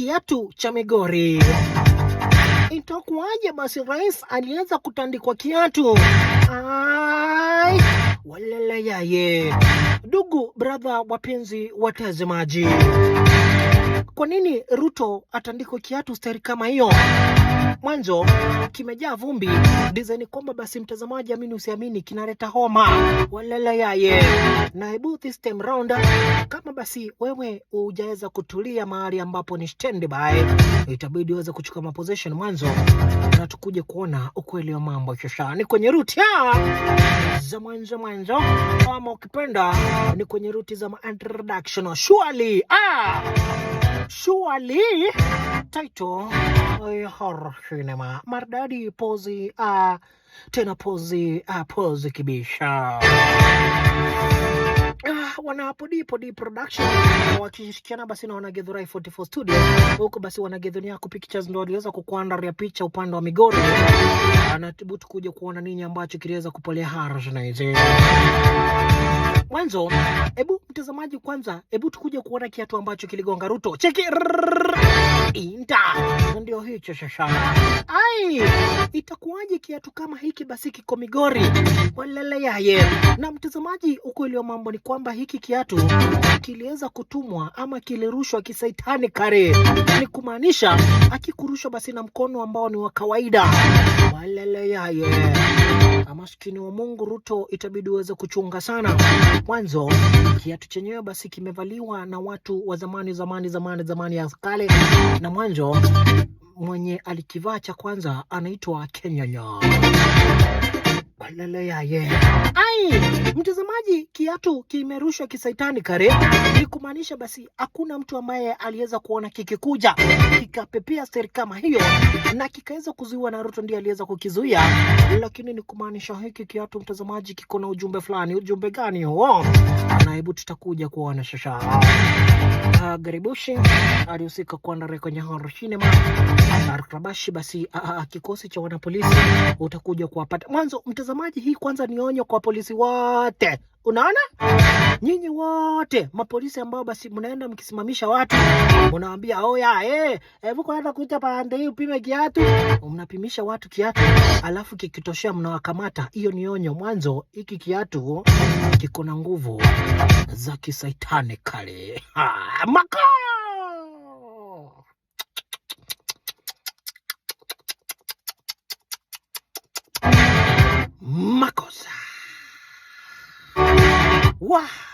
kiatu cha Migori. Itakuwaje basi rais alianza kutandikwa kiatu? Ai, walala yaye Ndugu bradha, wapenzi watazamaji, kwa nini Ruto atandikwa kiatu stari kama hiyo? Mwanzo kimejaa vumbi dizaini kwamba basi, mtazamaji, amini usiamini, kinaleta homa walala yaye na hebu this time round, kama basi wewe hujaweza kutulia mahali ambapo ni standby, itabidi uweze kuchukua maposition mwanzo, na tukuje kuona ukweli wa mambo shashani kwenye rutia za mwanzo mwanzo, ama ukipenda ni kwenye ruti za introduction surely ah surely title horror eh, cinema maridadi pozi ah tena pozi ah pozi kibisha wana hapo Dipo D Production wakishirikiana basi na wana 44 Studio. Huko basi wana Githurai Pictures ndio waliweza kukuandalia picha upande wa Migori, anathubutu kuja kuona nini ambacho kiliweza kupolea Harmonize mwanzo. Hebu mtazamaji, kwanza hebu tukuje kuona kiatu ambacho kiligonga Ruto. Cheki inda ndio hicho shasha. Ai, itakuwaje kiatu kama hiki basi kiko Migori walele yaye. Na mtazamaji, huko ilio mambo ni kwamba hiki kiatu kiliweza kutumwa ama kilirushwa kisaitani kare, ni kumaanisha akikurushwa basi na mkono ambao ni wa kawaida walele yaye maskini wa Mungu Ruto itabidi uweze kuchunga sana. Mwanzo kiatu chenyewe basi kimevaliwa na watu wa zamani zamani zamani zamani ya kale, na mwanzo mwenye alikivaa cha kwanza anaitwa Kenyonyo. Balalayaye. Ai, mtazamaji, kiatu kimerushwa kisaitani kare, ni kumaanisha basi hakuna mtu ambaye aliweza kuona kikikuja kikapepea seri kama hiyo na kikaweza kuzuiwa. na Ruto, ndiye aliweza kukizuia, lakini ni kumaanisha hiki kiatu, mtazamaji, kiko na ujumbe fulani. Ujumbe gani huo? Na hebu tutakuja kuona shasha ah, garibushi alihusika kuandaa kwenye horror cinema barabashi. Basi ah, ah, kikosi cha wanapolisi utakuja kuwapata mwanzo mtazamaji mtazamaji, hii kwanza ni onyo kwa polisi wote. Unaona, nyinyi wote mapolisi ambao basi mnaenda mkisimamisha watu, mnawaambia oya, eh, hebu kwanza kuita pande hii upime kiatu. Mnapimisha watu kiatu, alafu kikitoshea mnawakamata. Hiyo ni onyo mwanzo. Hiki kiatu kiko na nguvu za kisaitani kale. Makaa cosa. ¡Wow!